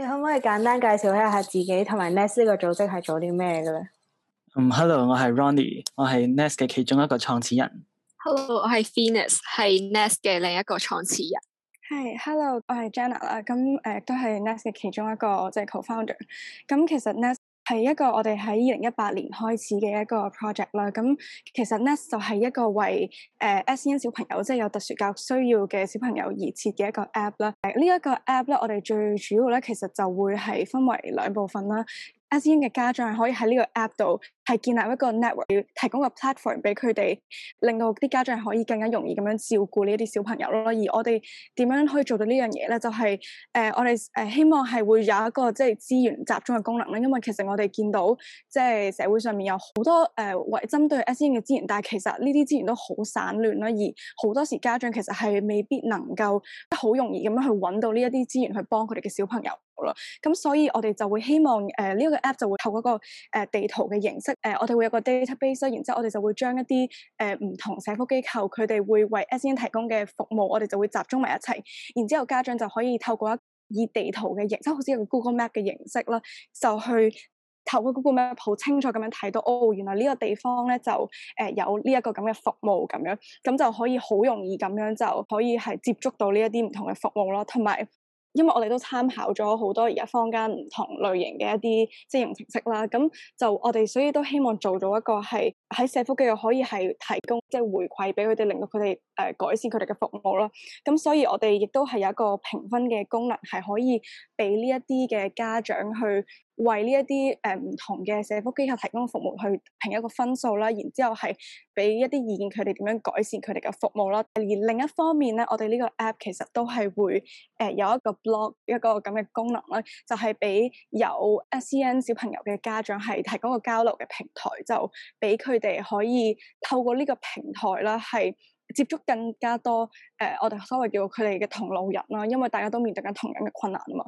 你可唔可以簡單介紹一下自己同埋 Nest 呢個組織係做啲咩嘅咧？嗯、um,，Hello，我係 Ronny 我係 Nest 嘅其中一個創始人。Hello，我係 Venus，係 Nest 嘅另一個創始人。係，Hello，我係 Jenna 啦、啊，咁、啊、誒都係 Nest 嘅其中一個即係、就是、Co-founder，咁、啊、其實 Nest。係一個我哋喺二零一八年開始嘅一個 project 啦。咁其實 NEST 就係一個為誒、呃、SEN 小朋友，即、就、係、是、有特殊教育需要嘅小朋友而設嘅一個 app 啦。誒呢一個 app 咧，我哋最主要咧，其實就會係分為兩部分啦。SEN 嘅家長係可以喺呢個 app 度係建立一個 network，提供個 platform 俾佢哋，令到啲家長係可以更加容易咁樣照顧呢一啲小朋友咯。而我哋點樣可以做到呢樣嘢咧？就係、是、誒、呃，我哋誒希望係會有一個即係資源集中嘅功能啦。因為其實我哋見到即係、就是、社會上面有好多誒為針對 SEN 嘅資源，但係其實呢啲資源都好散亂啦。而好多時家長其實係未必能夠好容易咁樣去揾到呢一啲資源去幫佢哋嘅小朋友。咁所以我哋就會希望，誒呢一個 app 就會透過一個、呃、地圖嘅形式，誒、呃、我哋會有個 database，然之後我哋就會將一啲誒唔同社福機構佢哋會為 SEN 提供嘅服務，我哋就會集中埋一齊，然之後家長就可以透過一以地圖嘅形式，好似一個 Google Map 嘅形式啦，就去透過嗰個 map 好清楚咁樣睇到，哦，原來呢個地方咧就誒、呃、有呢一個咁嘅服務咁樣，咁就可以好容易咁樣就可以係接觸到呢一啲唔同嘅服務咯，同埋。因為我哋都參考咗好多而家坊間唔同類型嘅一啲資源程式啦，咁就我哋所以都希望做到一個係喺社福機構，又可以係提供即係、就是、回饋俾佢哋，令到佢哋誒改善佢哋嘅服務啦，咁所以我哋亦都係有一個評分嘅功能，係可以俾呢一啲嘅家長去為呢一啲誒唔同嘅社福機構提供服務去評一個分數啦，然之後係俾一啲意見佢哋點樣改善佢哋嘅服務啦。而另一方面咧，我哋呢個 app 其實都係會誒、呃、有一個 blog 一個咁嘅功能啦，就係、是、俾有 SEN 小朋友嘅家長係提供一個交流嘅平台，就俾佢哋可以透過呢個平台啦係。接觸更加多誒、呃，我哋所謂叫佢哋嘅同路人啦，因為大家都面對緊同樣嘅困難啊嘛。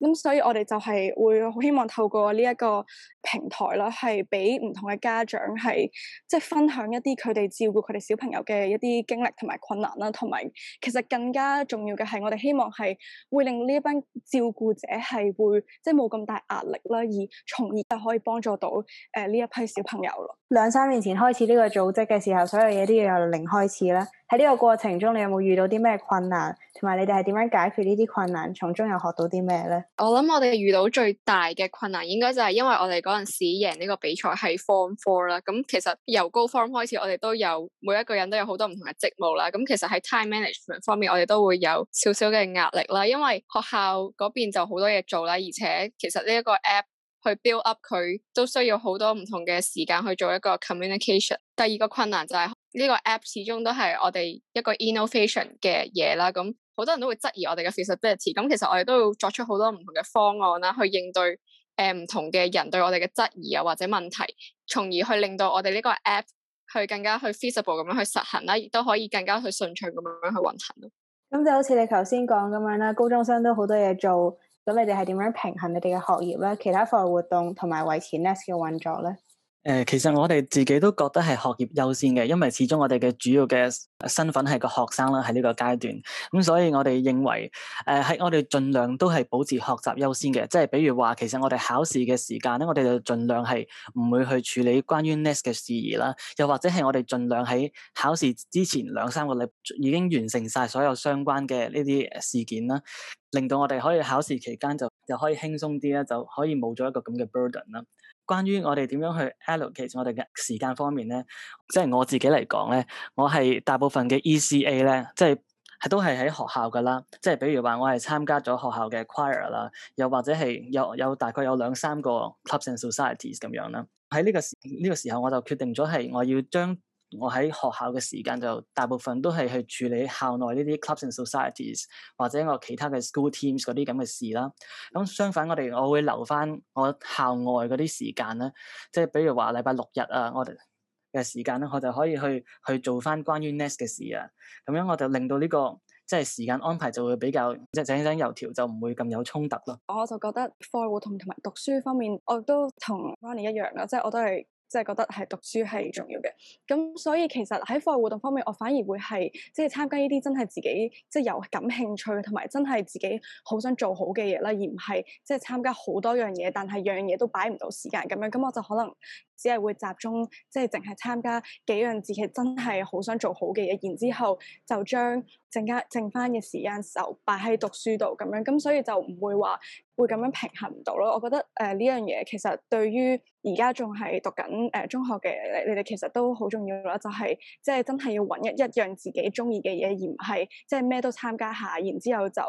咁所以我哋就係會好希望透過呢一個平台啦，係俾唔同嘅家長係即係分享一啲佢哋照顧佢哋小朋友嘅一啲經歷同埋困難啦，同埋其實更加重要嘅係我哋希望係會令呢班照顧者係會即係冇咁大壓力啦，而從而就可以幫助到誒呢一批小朋友咯。兩三年前開始呢個組織嘅時候，所有嘢都要由零開始啦。喺呢個過程中，你有冇遇到啲咩困難？同埋你哋係點樣解決呢啲困難？從中又學到啲咩咧？我諗我哋遇到最大嘅困難，應該就係因為我哋嗰陣時贏呢個比賽係 form four 啦。咁、嗯、其實由高 form 開始，我哋都有每一個人都有好多唔同嘅職務啦。咁、嗯、其實喺 time management 方面，我哋都會有少少嘅壓力啦。因為學校嗰邊就好多嘢做啦，而且其實呢一個 app 去 build up 佢都需要好多唔同嘅時間去做一個 communication。第二個困難就係、是、呢、這個 app 始終都係我哋一個 innovation 嘅嘢啦。咁、嗯。好多人都會質疑我哋嘅 feasibility，咁其實我哋都要作出好多唔同嘅方案啦，去應對誒，唔同嘅人對我哋嘅質疑啊或者問題，從而去令到我哋呢個 app 去更加去 feasible 咁樣去實行啦，亦都可以更加去順暢咁樣去運行咯。咁就好似你頭先講咁樣啦，高中生都好多嘢做，咁你哋係點樣平衡你哋嘅學業咧？其他課外活動同埋維持 NEST 嘅運作咧？誒，其實我哋自己都覺得係學業優先嘅，因為始終我哋嘅主要嘅身份係個學生啦，喺呢個階段，咁、嗯、所以我哋認為，誒、呃、喺我哋盡量都係保持學習優先嘅，即係比如話，其實我哋考試嘅時間咧，我哋就盡量係唔會去處理關於 NEST 嘅事宜啦，又或者係我哋盡量喺考試之前兩三個禮已經完成晒所有相關嘅呢啲事件啦，令到我哋可以考試期間就就可以輕鬆啲咧，就可以冇咗一個咁嘅 burden 啦。關於我哋點樣去 allocate 我哋嘅時間方面咧，即係我自己嚟講咧，我係大部分嘅 ECA 咧，即係係都係喺學校㗎啦。即係比如話我係參加咗學校嘅 choir 啦，又或者係有有大概有兩三個 clubs and societies 咁樣啦。喺呢個時呢、呢個時候我就決定咗係我要將。我喺學校嘅時間就大部分都係去處理校內呢啲 clubs and societies 或者我其他嘅 school teams 嗰啲咁嘅事啦。咁相反，我哋我會留翻我校外嗰啲時間咧，即係比如話禮拜六日啊，我哋嘅時間咧，我就可以去去做翻關於 NEST 嘅事啊。咁樣我就令到呢、這個即係時間安排就會比較井井有條，就唔、是、會咁有衝突咯。我就覺得課外活動同埋讀書方面，我都同 Ronny 一樣啦，即、就、係、是、我都係。即係覺得係讀書係重要嘅，咁、嗯、所以其實喺課外活動方面，我反而會係即係參加呢啲真係自己即係、就是、有感興趣，同埋真係自己好想做好嘅嘢啦，而唔係即係參加好多樣嘢，但係樣嘢都擺唔到時間咁樣，咁我就可能。只係會集中，即係淨係參加幾樣自己真係好想做好嘅嘢，然之後就將剩加剩翻嘅時間就擺喺讀書度咁樣，咁所以就唔會話會咁樣平衡唔到咯。我覺得誒呢、呃、樣嘢其實對於而家仲係讀緊誒中學嘅你哋，其實都好重要啦。就係即係真係要揾一一樣自己中意嘅嘢，而唔係即係咩都參加下，然之後就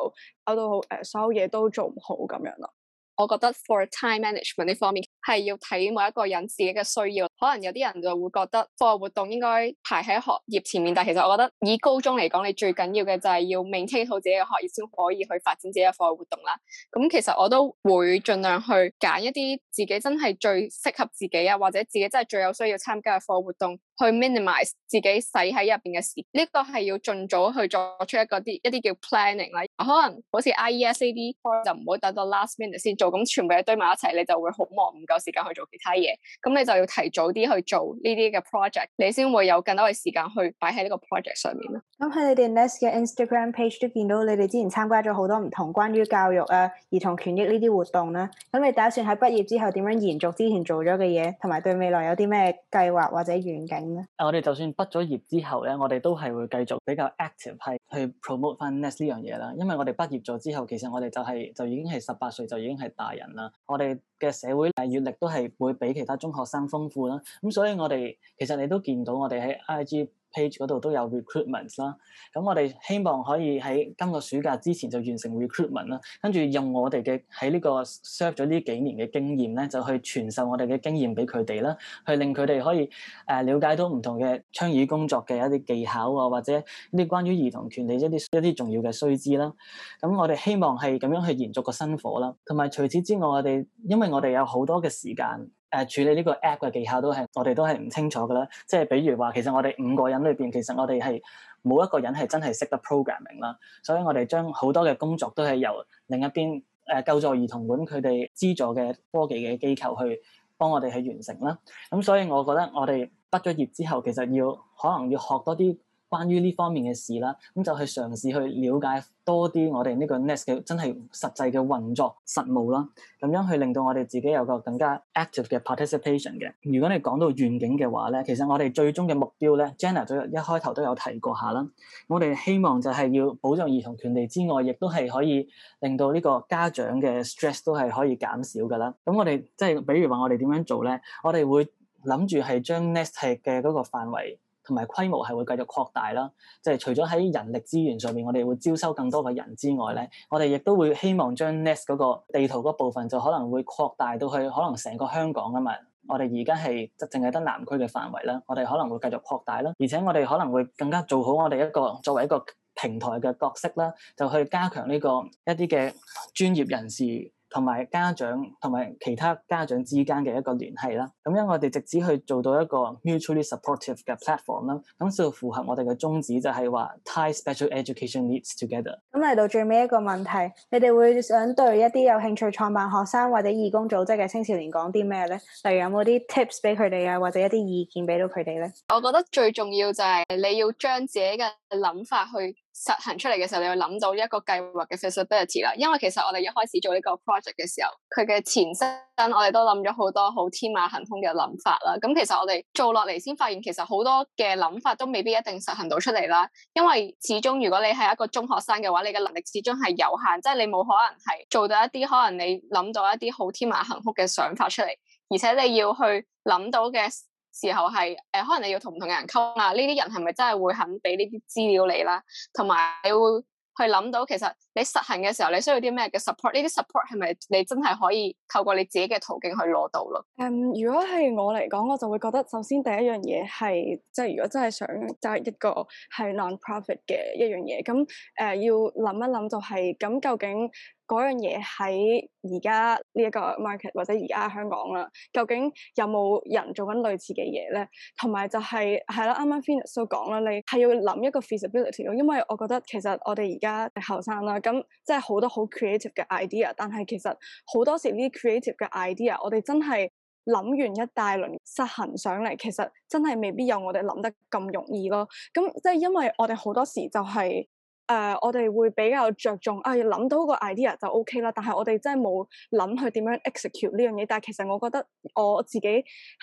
搞到誒、呃、所有嘢都做唔好咁樣啦。我覺得 for time management 呢方面，係要睇每一個人自己嘅需要，可能有啲人就會覺得課外活動應該排喺學業前面，但係其實我覺得以高中嚟講，你最緊要嘅就係要 maintain 好自己嘅學業，先可以去發展自己嘅課外活動啦。咁、嗯、其實我都會盡量去揀一啲自己真係最適合自己啊，或者自己真係最有需要參加嘅課外活動。去 minimize 自己使喺入邊嘅時間，呢個係要盡早去做出一個啲一啲叫 planning 啦。可能好似 IES 呢啲就唔好等到 last minute 先做，咁全部嘢堆埋一齊，你就會好忙，唔夠時間去做其他嘢。咁你就要提早啲去做呢啲嘅 project，你先會有更多嘅時間去擺喺呢個 project 上面啦。咁喺你哋 nest 嘅 Instagram page 都見到你哋之前參加咗好多唔同關於教育啊、兒童權益呢啲活動啦、啊。咁你打算喺畢業之後點樣延續之前做咗嘅嘢，同埋對未來有啲咩計劃或者遠景？我哋就算畢咗業之後咧，我哋都係會繼續比較 active，係去 promote 翻 NEST 呢樣嘢啦。因為我哋畢業咗之後，其實我哋就係就已經係十八歲就已經係大人啦。我哋嘅社會誒閱歷都係會比其他中學生豐富啦。咁所以我哋其實你都見到我哋喺 IG。page 嗰度都有 recruitment 啦，咁我哋希望可以喺今個暑假之前就完成 recruitment 啦，跟住，用我哋嘅喺呢個 serve 咗呢幾年嘅經驗咧，就去傳授我哋嘅經驗俾佢哋啦，去令佢哋可以誒了解到唔同嘅倡議工作嘅一啲技巧啊，或者一啲關於兒童權利一啲一啲重要嘅須知啦。咁我哋希望係咁樣去延續個薪火啦。同埋除此之外，我哋因為我哋有好多嘅時間。誒、啊、處理呢個 app 嘅技巧都係我哋都係唔清楚嘅咧，即係比如話，其實我哋五個人裏邊，其實我哋係冇一個人係真係識得 programming 啦，所以我哋將好多嘅工作都係由另一邊誒、啊、救助兒童會佢哋資助嘅科技嘅機構去幫我哋去完成啦。咁所以我覺得我哋畢咗業之後，其實要可能要學多啲。關於呢方面嘅事啦，咁就去嘗試去了解多啲我哋呢個 Nest 嘅真係實際嘅運作實務啦，咁樣去令到我哋自己有個更加 active 嘅 participation 嘅。如果你講到願景嘅話咧，其實我哋最終嘅目標咧，Jenna 一開頭都有提過下啦。我哋希望就係要保障兒童權利之外，亦都係可以令到呢個家長嘅 stress 都係可以減少噶啦。咁我哋即係比如話我哋點樣做咧？我哋會諗住係將 Nest 嘅嗰個範圍。同埋規模係會繼續擴大啦，即係除咗喺人力資源上面，我哋會招收更多嘅人之外咧，我哋亦都會希望將 Nest 嗰個地圖嗰部分就可能會擴大到去，可能成個香港啊嘛，我哋而家係即係淨係得南區嘅範圍啦，我哋可能會繼續擴大啦，而且我哋可能會更加做好我哋一個作為一個平台嘅角色啦，就去加強呢個一啲嘅專業人士。同埋家長同埋其他家長之間嘅一個聯繫啦，咁樣我哋直接去做到一個 mutually supportive 嘅 platform 啦，咁就符合我哋嘅宗旨，就係話 tie special education needs together。咁嚟到最尾一個問題，你哋會想對一啲有興趣創辦學生或者義工組織嘅青少年講啲咩咧？例如有冇啲 tips 俾佢哋啊，或者一啲意見俾到佢哋咧？我覺得最重要就係你要將自己嘅諗法去，實行出嚟嘅時候，你要諗到一個計劃嘅 feasibility 啦。因為其實我哋一開始做呢個 project 嘅時候，佢嘅前身我哋都諗咗好多好天馬行空嘅諗法啦。咁其實我哋做落嚟先發現，其實好多嘅諗法都未必一定實行到出嚟啦。因為始終如果你係一個中學生嘅話，你嘅能力始終係有限，即係你冇可能係做到一啲可能你諗到一啲好天馬行空嘅想法出嚟，而且你要去諗到嘅。時候係誒、呃，可能你要同唔同嘅人溝通，呢啲人係咪真係會肯俾呢啲資料你啦？同埋你會去諗到，其實你實行嘅時候，你需要啲咩嘅 support？呢啲 support 係咪你真係可以透過你自己嘅途徑去攞到咯？嗯，如果係我嚟講，我就會覺得，首先第一樣嘢係，即、就、係、是、如果真係想即係一個係 non-profit 嘅一樣嘢，咁誒、呃、要諗一諗就係、是，咁究竟。嗰樣嘢喺而家呢一個 market 或者而家香港啦，究竟有冇人做緊類似嘅嘢咧？同埋就係、是、係啦，啱啱 Venus 都講啦，你係要諗一個 feasibility 咯，因為我覺得其實我哋而家後生啦，咁即係好多好 creative 嘅 idea，但係其實好多時呢啲 creative 嘅 idea，我哋真係諗完一大輪實行上嚟，其實真係未必有我哋諗得咁容易咯。咁即係因為我哋好多時就係、是。誒，uh, 我哋會比較着重，誒、啊、諗到個 idea 就 O.K. 啦。但係我哋真係冇諗去點樣 execute 呢樣嘢。但係其實我覺得我自己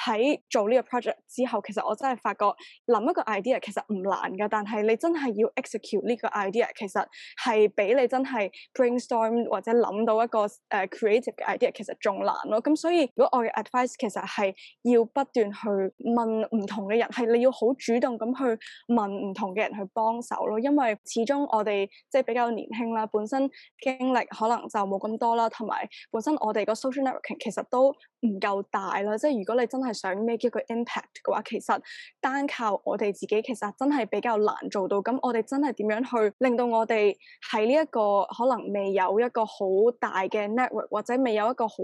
喺做呢個 project 之後，其實我真係發覺諗一個 idea 其實唔難㗎，但係你真係要 execute 呢個 idea，其實係比你真係 brainstorm 或者諗到一個誒、uh, creative 嘅 idea 其實仲難咯。咁所以如果我嘅 advice 其實係要不斷去問唔同嘅人，係你要好主動咁去問唔同嘅人去幫手咯，因為始終。我哋即係比較年輕啦，本身經歷可能就冇咁多啦，同埋本身我哋個 social networking 其實都唔夠大啦，即係如果你真係想 make 一個 impact 嘅話，其實單靠我哋自己其實真係比較難做到。咁我哋真係點樣去令到我哋喺呢一個可能未有一個好大嘅 network 或者未有一個好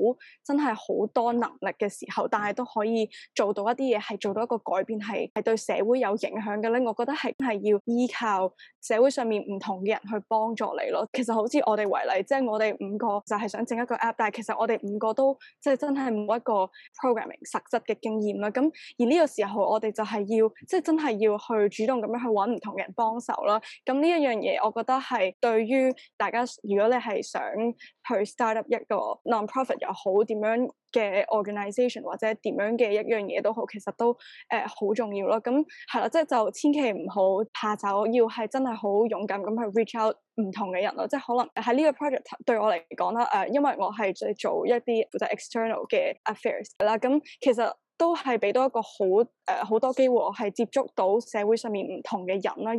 真係好多能力嘅時候，但係都可以做到一啲嘢係做到一個改變，係係對社會有影響嘅咧？我覺得係真係要依靠社會上面唔同嘅人去幫助你咯。其實好似我哋為例，即係我哋五個就係想整一個 app，但係其實我哋五個都即係真係唔。一個 programming 實質嘅經驗啦，咁而呢個時候我哋就係要，即係真係要去主動咁樣去搵唔同嘅人幫手啦。咁呢一樣嘢，我覺得係對於大家，如果你係想去 start up 一個 non-profit 又好，點樣？嘅 organisation 或者點樣嘅一樣嘢都好，其實都誒好、呃、重要咯。咁係啦，即係就千祈唔好怕醜，要係真係好勇敢咁去 reach out 唔同嘅人咯。即係可能喺呢個 project 對我嚟講啦，誒、呃，因為我係在做一啲就 external 嘅 affairs 啦。咁其實。都係俾到一個好誒好、呃、多機會，我係接觸到社會上面唔同嘅人啦。而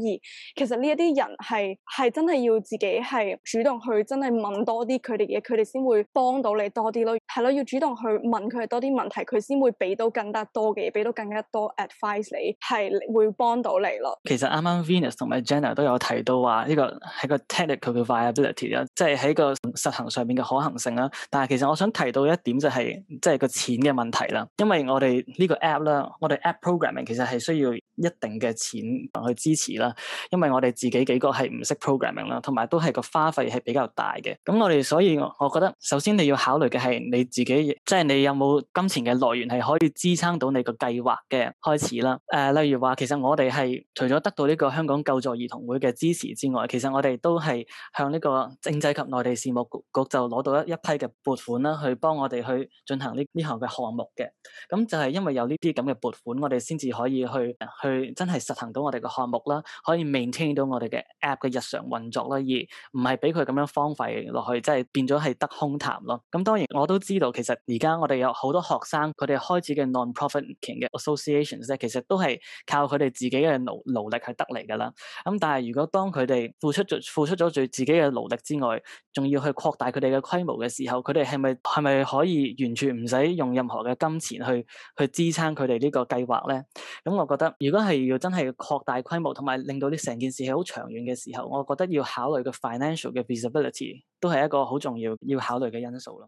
其實呢一啲人係係真係要自己係主動去真係問多啲佢哋嘢，佢哋先會幫到你多啲咯。係咯，要主動去問佢哋多啲問題，佢先會俾到更加多嘅嘢，俾到更加多 advice 你，係會幫到你咯。其實啱啱 Venus 同埋 Jenna 都有提到話呢、這個係個 technical viability 啊，即係喺個實行上面嘅可行性啦。但係其實我想提到一點就係即係個錢嘅問題啦，因為我哋。呢個 app 啦，我哋 app programming 其實係需要一定嘅錢去支持啦，因為我哋自己幾個係唔識 programming 啦，同埋都係個花費係比較大嘅。咁我哋所以，我覺得首先你要考慮嘅係你自己，即係你有冇金錢嘅來源係可以支撐到你個計劃嘅開始啦。誒例如話其實我哋係除咗得到呢個香港救助兒童會嘅支持之外，其實我哋都係向呢個政制及內地事務局就攞到一一批嘅撥款啦，去幫我哋去進行呢呢項嘅項目嘅。咁就。係因為有呢啲咁嘅撥款，我哋先至可以去去真係實行到我哋嘅項目啦，可以 maintain 到我哋嘅 app 嘅日常運作啦，而唔係俾佢咁樣荒廢落去，即係變咗係得空談咯。咁當然我都知道，其實而家我哋有好多學生，佢哋開始嘅 non-profit organisations 咧，其實都係靠佢哋自己嘅努努力去得嚟㗎啦。咁但係如果當佢哋付出咗付出咗最自己嘅努力之外，仲要去擴大佢哋嘅規模嘅時候，佢哋係咪係咪可以完全唔使用，用任何嘅金錢去去支撐佢哋呢個計劃咧，咁我覺得如果係要真係擴大規模，同埋令到啲成件事係好長遠嘅時候，我覺得要考慮個 financial 嘅 visibility 都係一個好重要要考慮嘅因素咯。